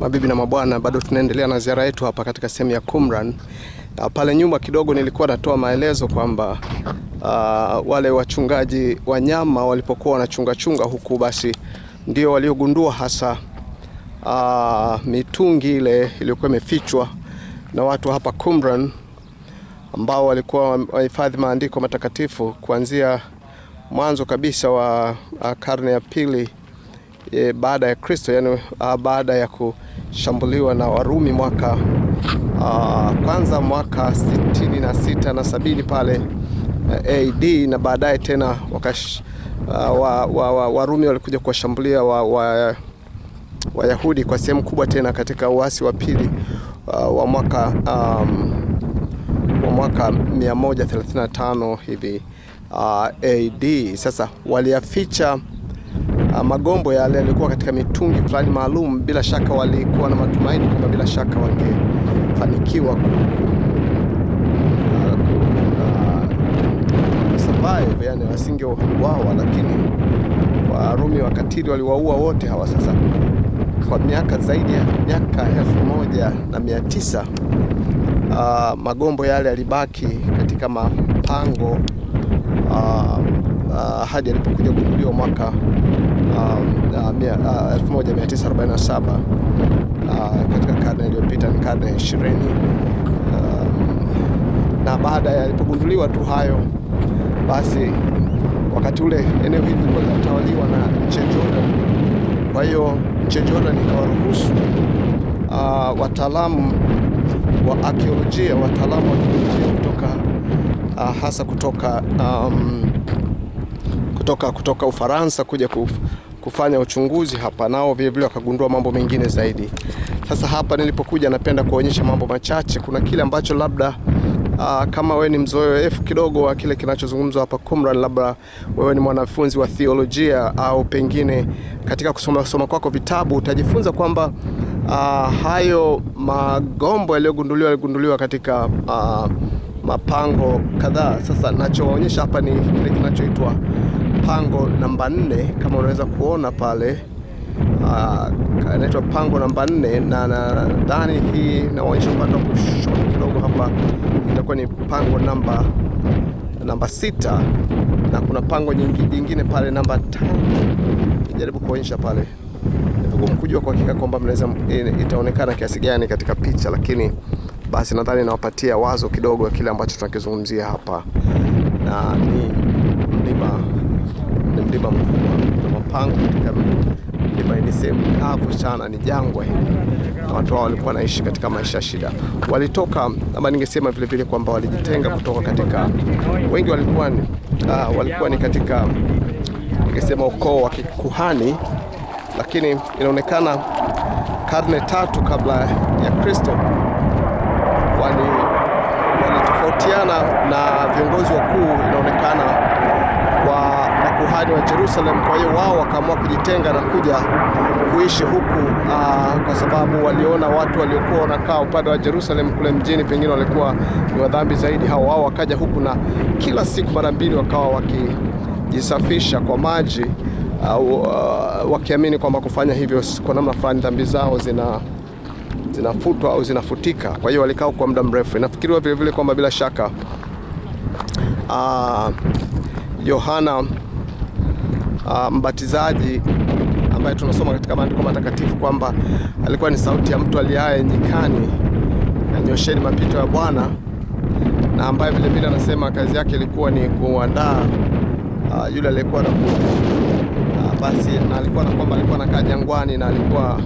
Mabibi na mabwana, bado tunaendelea na ziara yetu hapa katika sehemu ya Qumran. Ah, pale nyuma kidogo nilikuwa natoa maelezo kwamba uh, wale wachungaji wanyama walipokuwa wanachungachunga huku, basi ndio waliogundua hasa uh, mitungi ile iliyokuwa imefichwa na watu hapa Qumran ambao walikuwa wahifadhi maandiko matakatifu kuanzia mwanzo kabisa wa karne ya pili e, baada ya Kristo, yani baada ya kushambuliwa na Warumi mwaka a, kwanza mwaka sitini na sita na sabini pale e, AD na baadaye tena wakash, a, wa, wa, wa, Warumi walikuja kuwashambulia Wayahudi wa, wa kwa sehemu kubwa tena katika uasi wa pili wa mwaka um, wa mwaka 135 hivi uh, AD. Sasa waliaficha Ah, magombo yale yalikuwa katika mitungi fulani maalum, bila shaka walikuwa na matumaini kwamba bila shaka wangefanikiwa ku, ah, survive, yani wasingeuawa, lakini Warumi wakatili waliwaua wote hawa. Sasa kwa miaka zaidi ya miaka elfu moja na mia tisa uh, magombo yale yalibaki katika mapango uh, uh, hadi alipokuja kugunduliwa mwaka 1947 um, uh, uh, uh, katika karne iliyopita, ni karne ya ishirini. Um, na baada ya alipogunduliwa tu hayo, basi wakati ule eneo hili lilikuwa linatawaliwa na nchi ya Jordan. Kwa hiyo nchi ya Jordan ikawaruhusu uh, wataalamu wa arkeolojia, wataalamu wa arkeolojia kutoka uh, hasa kutoka, um, kutoka kutoka Ufaransa kuja kufanya uchunguzi hapa, nao vile vile wakagundua mambo mengine zaidi. Sasa hapa nilipokuja, napenda kuonyesha mambo machache. Kuna kile ambacho labda Aa, ah, kama wewe ni mzoefu kidogo wa kile kinachozungumzwa hapa Qumran, labda wewe ni mwanafunzi wa theolojia au pengine katika kusoma soma kwako vitabu utajifunza kwamba uh, hayo magombo yaliyogunduliwa yaligunduliwa katika uh, mapango kadhaa. Sasa nachoonyesha hapa ni kile kinachoitwa pango namba nne kama unaweza kuona pale ah, inaitwa pango namba nne na nadhani hii inaonyesha upande wa kushoto kidogo hapa itakuwa ni pango namba namba sita na kuna pango nyingine pale namba tano jaribu kuonyesha pale vigumu kujua kwa hakika kwamba mnaweza eh, itaonekana kiasi gani katika picha, lakini basi nadhani nawapatia wazo kidogo ya kile ambacho tunakizungumzia hapa, na ni mlima ni mlima mkubwa na mapango katika mlima hii, ni sehemu kavu sana, ni jangwa hili, na watu hao walikuwa wanaishi katika maisha ya shida. Walitoka ama ningesema vile vile kwamba walijitenga kutoka katika, wengi walikuwa ni, uh, walikuwa ni katika ningesema ukoo wa kikuhani, lakini inaonekana karne tatu kabla ya Kristo walitofautiana na viongozi wakuu inaonekana Jerusalem. Kwa hiyo wao wakaamua kujitenga na kuja kuishi huku uh, kwa sababu waliona watu waliokuwa wanakaa upande wa Jerusalem kule mjini pengine walikuwa ni wadhambi zaidi hao, wao wakaja huku na kila siku mara mbili wakawa wakijisafisha kwa maji uh, uh, wakiamini kwamba kufanya hivyo kwa namna fulani dhambi zao zina zinafutwa au zinafutika. Kwa hiyo walikaa kwa muda mrefu. Inafikiriwa vilevile kwamba bila shaka ah, Yohana uh, uh, mbatizaji ambaye tunasoma katika maandiko matakatifu kwamba alikuwa ni sauti ya mtu aliaye nyikani, anyosheni mapito ya Bwana, na ambaye vilevile anasema kazi yake ilikuwa ni kuandaa uh, yule aliyekuwa na uh, basi, na alikuwa na kwamba alikuwa anakaa jangwani na alikuwa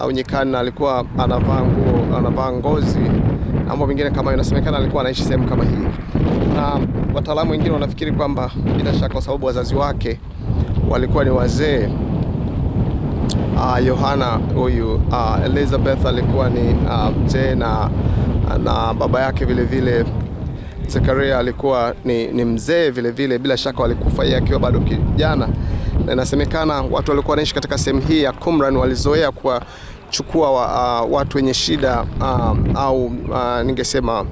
au nyikani na alikuwa anavaa nguo, anavaa ngozi na mambo mengine kama, inasemekana alikuwa anaishi sehemu kama hii, na wataalamu wengine wanafikiri kwamba bila shaka kwa sababu wazazi wake walikuwa ni wazee ah, Yohana uh, huyu uh, Elizabeth alikuwa ni uh, mzee na, na baba yake vilevile Zekaria alikuwa ni, ni mzee vilevile. Bila shaka walikufa yeye akiwa bado kijana, na inasemekana watu walikuwa wanaishi katika sehemu hii ya Qumran walizoea kuwachukua wa, uh, watu wenye shida uh, au uh, ningesema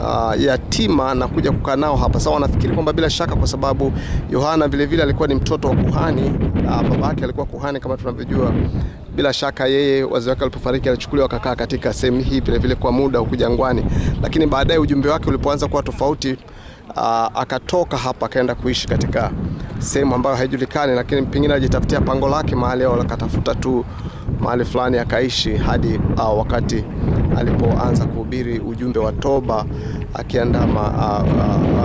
uh, yatima na kuja kukaa nao hapa. Sasa wanafikiri kwamba bila shaka, kwa sababu Yohana vilevile alikuwa ni mtoto wa kuhani uh, ah, baba yake alikuwa kuhani kama tunavyojua. Bila shaka yeye wazee wake walipofariki alichukuliwa akakaa katika sehemu hii vile vile kwa muda huku jangwani, lakini baadaye ujumbe wake ulipoanza kuwa tofauti uh, akatoka hapa akaenda kuishi katika sehemu ambayo haijulikani, lakini pengine alijitafutia pango lake mahali au akatafuta tu mahali fulani akaishi hadi uh, wakati alipoanza kuhubiri ujumbe wa toba akiandama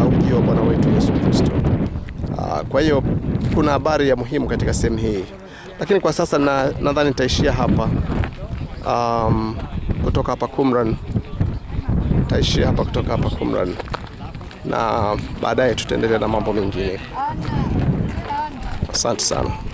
ujio wa Bwana wetu Yesu Kristo. Kwa hiyo kuna habari ya muhimu katika sehemu hii, lakini kwa sasa nadhani na nitaishia hapa um, kutoka hapa Qumran, nitaishia hapa kutoka hapa Qumran na baadaye tutaendelea na mambo mengine. Asante sana.